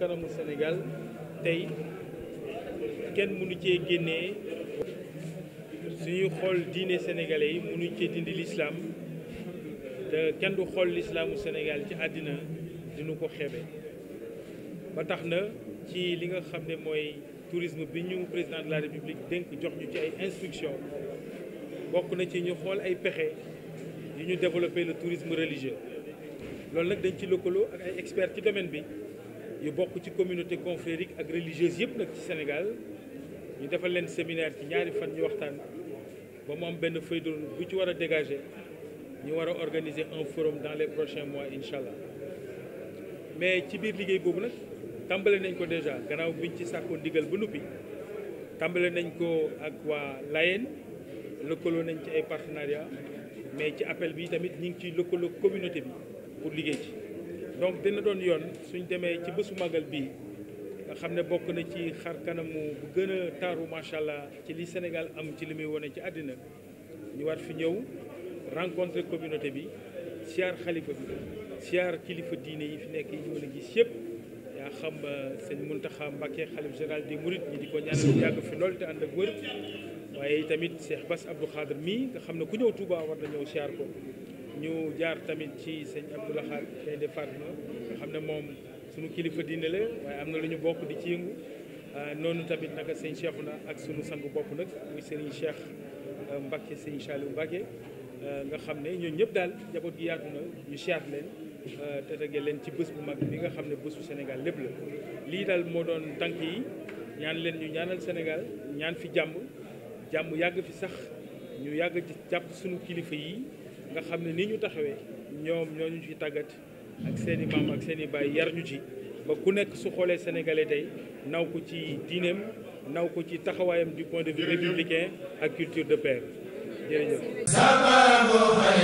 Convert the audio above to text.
kanamu Sénégal tey kenn mënu cee génnee suñuy xool diine sénégalais yi mënuñ cee dindi lislaam te kenn du xool lislaamu Sénégal ci àddina dina ko xebe ba tax na ci li nga xam ne mooy tourisme bi ñu président de la république dénk jox ñu ci ay instruction bokk na ci ñu xool ay pexe yu ñu développer le tourisme religieux loolu nag dañ ci lëkkaloo ak ay experts ci domaine bi yu bokk ci communauté confrérique ak religieuse yëpp nag ci Sénégal ñu defal leen séminaire ci ñaari fan ñu waxtaan ba mu am benn feuille bu ci war a dégager ñu war a organiser un forum dans les prochains mois incha allah mais ci biir liggéey boobu nag tàmbale nañ ko déjà gannaaw biñ ci sàkkoo ndigal ba noppi tàmbale nañ ko ak waa Layeen lëkkaloo nañ ci ay partenariat mais ci appel bi tamit ñu ngi ciy lëkkaloo communauté bi pour liggéey ci donc dina doon yoon suñ demee ci bésu màggal bii nga xam ne bokk na ci xar kanamu bu gën a taaru macha allah ci li Sénégal am ci li muy wane ci àddina ñu war fi ñëw rencontre communauté bi siyaar xalifa bi siyaar kilifa diine yi fi nekk yi ñu mën a gis yëpp yaa xam euh, sëñ Muntaxa Mbàkke xalif général des Mourides ñi di ko ñaanal yàgg fi lool te ànd ak wër waaye tamit Cheikh Bass Abdou Khadre mii nga xam ne ku ñëw Touba war na ñëw siyaar ko ñu jaar tamit ci sëñ Abdou Lahad Gaïndé Fatma nga xam ne moom sunu kilifa diine la waaye am na lu ñu bokk di ci yëngu ah, noonu tamit naka sëñ Cheikh na ak sunu sangu bopp nag muy sëriñ Cheikh ah, Mbacke sëñ bu Mbacke ah, nga xam ne ñooñu ñëpp daal jaboot gi yaatu na ñu siyaat leen te tege leen ci bés bu mag bi nga xam ne bësu senegal lépp la lii daal moo doon tànk yi ñaan leen ñu ñaanal senegal ñaan fi jàmb jàmm yàgg fi sax ñu yàgg ci jàpp sunu kilifa yi nga xam ne ni ñu taxawee ñoom ñoo ñu ci tàggat ak seen maam ak seeni i baay yar ñu ci ba ku nekk su xoolee sénégalais tey naw ko ci diineem naw ko ci taxawaayam du point de vue républicain ak culture de paix jërëjëf